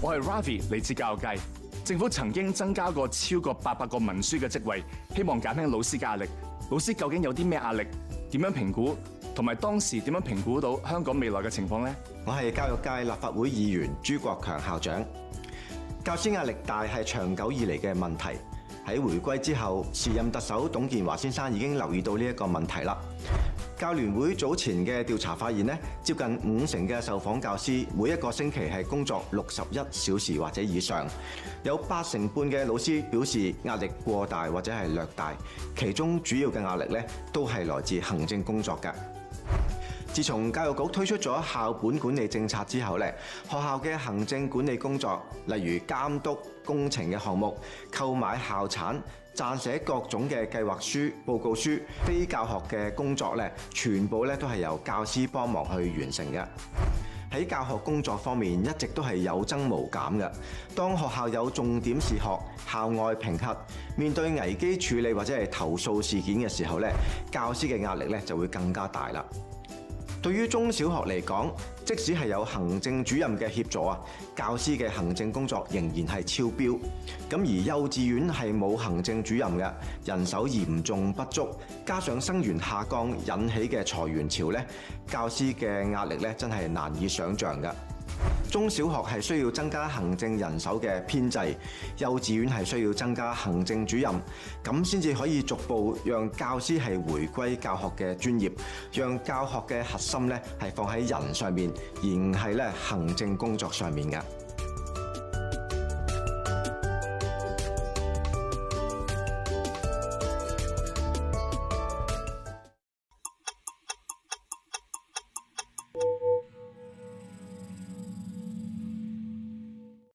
我係 Ravi 嚟自教育界，政府曾經增加過超過八百個文書嘅職位，希望減輕老師壓力。老師究竟有啲咩壓力？點樣評估？同埋當時點樣評估到香港未來嘅情況呢？我係教育界立法會議員朱國強校長。教師壓力大係長久以嚟嘅問題。喺回歸之後，時任特首董建華先生已經留意到呢一個問題啦。教聯會早前嘅調查發現呢，接近五成嘅受訪教師每一個星期係工作六十一小時或者以上，有八成半嘅老師表示壓力過大或者係略大，其中主要嘅壓力咧都係來自行政工作㗎。自從教育局推出咗校本管理政策之後咧，學校嘅行政管理工作，例如監督工程嘅項目、購買校產、撰寫各種嘅計劃書、報告書，非教學嘅工作咧，全部咧都係由教師幫忙去完成嘅。喺教學工作方面一直都係有增無減嘅。當學校有重點視學、校外評核、面對危機處理或者係投訴事件嘅時候咧，教師嘅壓力咧就會更加大啦。對於中小學嚟講，即使係有行政主任嘅協助啊，教師嘅行政工作仍然係超標。咁而幼稚園係冇行政主任嘅，人手嚴重不足，加上生源下降引起嘅裁員潮咧，教師嘅壓力咧真係難以想像嘅。中小學係需要增加行政人手嘅編制，幼稚園係需要增加行政主任，咁先至可以逐步讓教師係回歸教學嘅專業，讓教學嘅核心咧係放喺人上面，而唔係咧行政工作上面嘅。